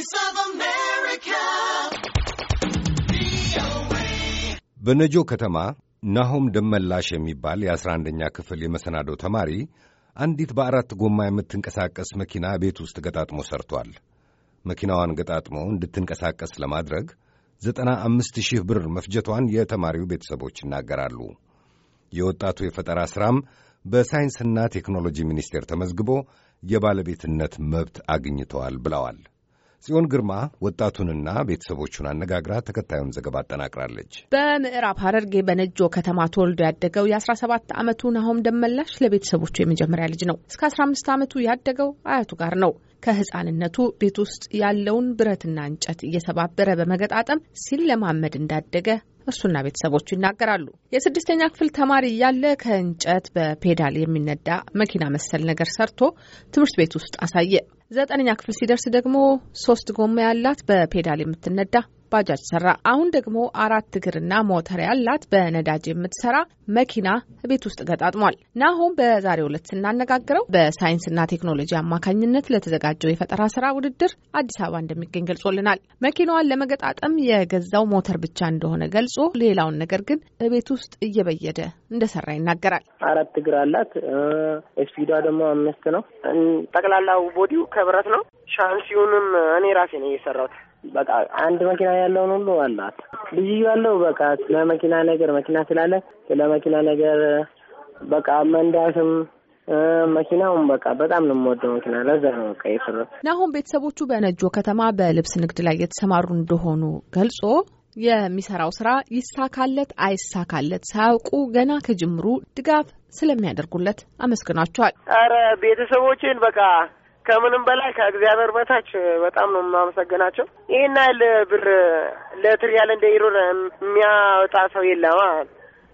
Voice of America. በነጆ ከተማ ናሆም ደመላሽ የሚባል የ11ኛ ክፍል የመሰናዶ ተማሪ አንዲት በአራት ጎማ የምትንቀሳቀስ መኪና ቤት ውስጥ ገጣጥሞ ሰርቷል። መኪናዋን ገጣጥሞ እንድትንቀሳቀስ ለማድረግ ዘጠና አምስት ሺህ ብር መፍጀቷን የተማሪው ቤተሰቦች ይናገራሉ። የወጣቱ የፈጠራ ሥራም በሳይንስና ቴክኖሎጂ ሚኒስቴር ተመዝግቦ የባለቤትነት መብት አግኝተዋል ብለዋል። ጽዮን ግርማ ወጣቱንና ቤተሰቦቹን አነጋግራ ተከታዩን ዘገባ አጠናቅራለች። በምዕራብ ሐረርጌ በነጆ ከተማ ተወልዶ ያደገው የ17 ዓመቱ ናሆም ደመላሽ ለቤተሰቦቹ የመጀመሪያ ልጅ ነው። እስከ 15 ዓመቱ ያደገው አያቱ ጋር ነው። ከህፃንነቱ ቤት ውስጥ ያለውን ብረትና እንጨት እየሰባበረ በመገጣጠም ሲለማመድ እንዳደገ እሱና ቤተሰቦቹ ይናገራሉ። የስድስተኛ ክፍል ተማሪ እያለ ከእንጨት በፔዳል የሚነዳ መኪና መሰል ነገር ሰርቶ ትምህርት ቤት ውስጥ አሳየ። ዘጠነኛ ክፍል ሲደርስ ደግሞ ሶስት ጎማ ያላት በፔዳል የምትነዳ ባጃጅ ሰራ። አሁን ደግሞ አራት እግርና ሞተር ያላት በነዳጅ የምትሰራ መኪና ቤት ውስጥ ገጣጥሟል። ናሆም በዛሬው ዕለት ስናነጋግረው በሳይንስና ቴክኖሎጂ አማካኝነት ለተዘጋጀው የፈጠራ ስራ ውድድር አዲስ አበባ እንደሚገኝ ገልጾልናል። መኪናዋን ለመገጣጠም የገዛው ሞተር ብቻ እንደሆነ ገልጾ ሌላውን ነገር ግን ቤት ውስጥ እየበየደ እንደሰራ ይናገራል። አራት እግር አላት። ስፒዷ ደግሞ አምስት ነው። ጠቅላላው ቦዲው ከብረት ነው። ሻንሲውንም እኔ ራሴ ነው እየሰራሁት በቃ አንድ መኪና ያለውን ሁሉ አላት። ልጅ ያለው በቃ ስለ መኪና ነገር መኪና ስላለ ስለ መኪና ነገር በቃ መንዳትም መኪናውን በቃ በጣም ነው የምወደው መኪና። ለዛ ነው በቃ የፈረ ናሁን ቤተሰቦቹ በነጆ ከተማ በልብስ ንግድ ላይ የተሰማሩ እንደሆኑ ገልጾ የሚሰራው ስራ ይሳካለት አይሳካለት ሳያውቁ ገና ከጅምሩ ድጋፍ ስለሚያደርጉለት አመስግናቸዋል። ኧረ ቤተሰቦችን በቃ ከምንም በላይ ከእግዚአብሔር በታች በጣም ነው የማመሰግናቸው። ይህን ያህል ብር ለትሪያል እንደ ኢሮን የሚያወጣ ሰው የለም።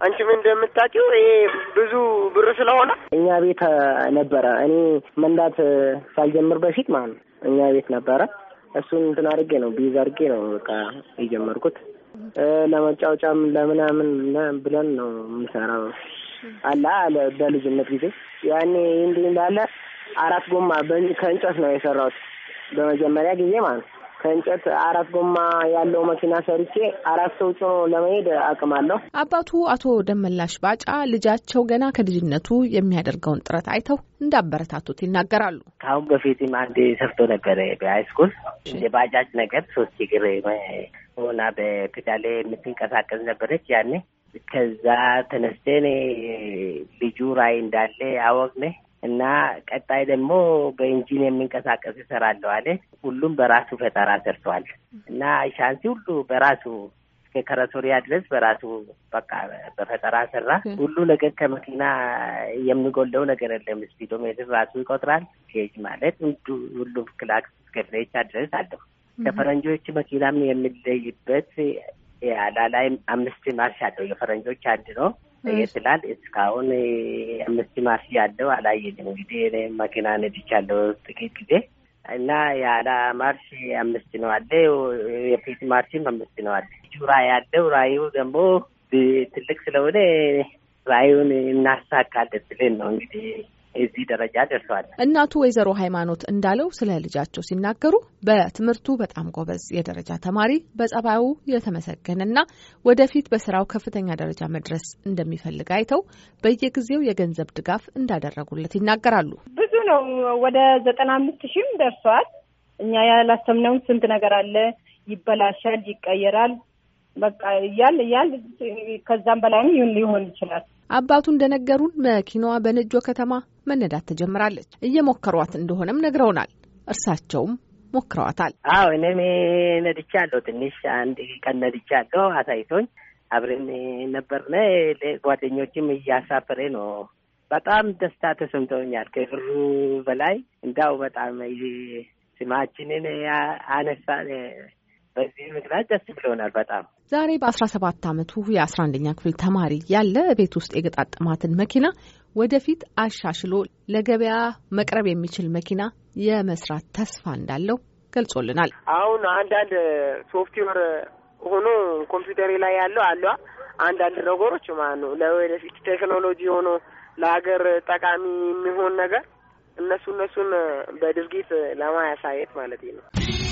አንቺም እንደምታውቂው ይሄ ብዙ ብር ስለሆነ እኛ ቤት ነበረ። እኔ መንዳት ሳልጀምር በፊት ማለት ነው እኛ ቤት ነበረ። እሱን እንትን አድርጌ ነው ቢዝ አድርጌ ነው በቃ የጀመርኩት። ለመጫወጫም ለምናምን ብለን ነው የምንሰራው አለ በልጅነት ጊዜ ያኔ እንዲህ እንዳለ አራት ጎማ ከእንጨት ነው የሰራሁት። በመጀመሪያ ጊዜ ማለት ከእንጨት አራት ጎማ ያለው መኪና ሰርቼ አራት ሰው ጭኖ ለመሄድ አቅም አለው። አባቱ አቶ ደመላሽ ባጫ ልጃቸው ገና ከልጅነቱ የሚያደርገውን ጥረት አይተው እንዳበረታቱት ይናገራሉ። ከአሁን በፊትም አንድ ሰርቶ ነበረ በሃይስኩል የባጃጅ ነገር ሶስት እግር ሆና በፔዳል የምትንቀሳቀስ ነበረች ያኔ ከዛ ተነስተን ልጁ ራይ እንዳለ አወቅኔ እና ቀጣይ ደግሞ በኢንጂን የሚንቀሳቀስ ይሰራለሁ አለ። ሁሉም በራሱ ፈጠራ ሰርተዋል እና ሻንሲ ሁሉ በራሱ እስከ ከረሶሪያ ድረስ በራሱ በቃ በፈጠራ ሰራ። ሁሉ ነገር ከመኪና የሚጎለው ነገር የለም። ስፒዶሜትር ራሱ ይቆጥራል። ኬጅ ማለት ሁሉም ክላክስ እስከ ፍሬቻ ድረስ አለው። ከፈረንጆች መኪናም የሚለይበት አላላይ አምስት ማርሽ አለው። የፈረንጆች አንድ ነው። ለየት ይላል። እስካሁን አምስት ማርሽ ያለው አላየንም። እንግዲህ እኔ መኪና ነድቻለሁ ጥቂት ጊዜ እና የኋላ ማርሽ አምስት ነው አለ። የፊት ማርሽም አምስት ነው አለ። ራዕይ ያለው ራዩ ደግሞ ትልቅ ስለሆነ ራዩን እናሳካለን ብለን ነው እንግዲህ እዚህ ደረጃ ደርሰዋል። እናቱ ወይዘሮ ሃይማኖት እንዳለው ስለ ልጃቸው ሲናገሩ በትምህርቱ በጣም ጎበዝ የደረጃ ተማሪ፣ በጸባዩ የተመሰገነና ወደፊት በስራው ከፍተኛ ደረጃ መድረስ እንደሚፈልግ አይተው በየጊዜው የገንዘብ ድጋፍ እንዳደረጉለት ይናገራሉ። ብዙ ነው፣ ወደ ዘጠና አምስት ሺህም ደርሰዋል። እኛ ያላሰብነውን ስንት ነገር አለ፣ ይበላሻል፣ ይቀየራል በቃ እያል እያል ከዛም በላይ ሊሆን ይችላል። አባቱ እንደነገሩን መኪናዋ በነጆ ከተማ መነዳት ተጀምራለች። እየሞከሯት እንደሆነም ነግረውናል። እርሳቸውም ሞክረዋታል። አዎ እኔም ነድቻለሁ። ትንሽ አንድ ቀን ነድቻለሁ። አሳይቶኝ አብረን ነበርነ። ጓደኞችም እያሳፈረ ነው። በጣም ደስታ ተሰምተውኛል። ከብሩ በላይ እንዳው በጣም ስማችንን አነሳ በዚህ ምክንያት ደስ ብሎናል በጣም። ዛሬ በአስራ ሰባት አመቱ የአስራ አንደኛ ክፍል ተማሪ ያለ ቤት ውስጥ የገጣጠማትን መኪና ወደፊት አሻሽሎ ለገበያ መቅረብ የሚችል መኪና የመስራት ተስፋ እንዳለው ገልጾልናል። አሁን አንዳንድ ሶፍትዌር ሆኖ ኮምፒውተር ላይ ያለው አለ አንዳንድ ነገሮች ማለት ነው ለወደፊት ቴክኖሎጂ ሆኖ ለሀገር ጠቃሚ የሚሆን ነገር እነሱ እነሱን በድርጊት ለማያሳየት ማለት ነው።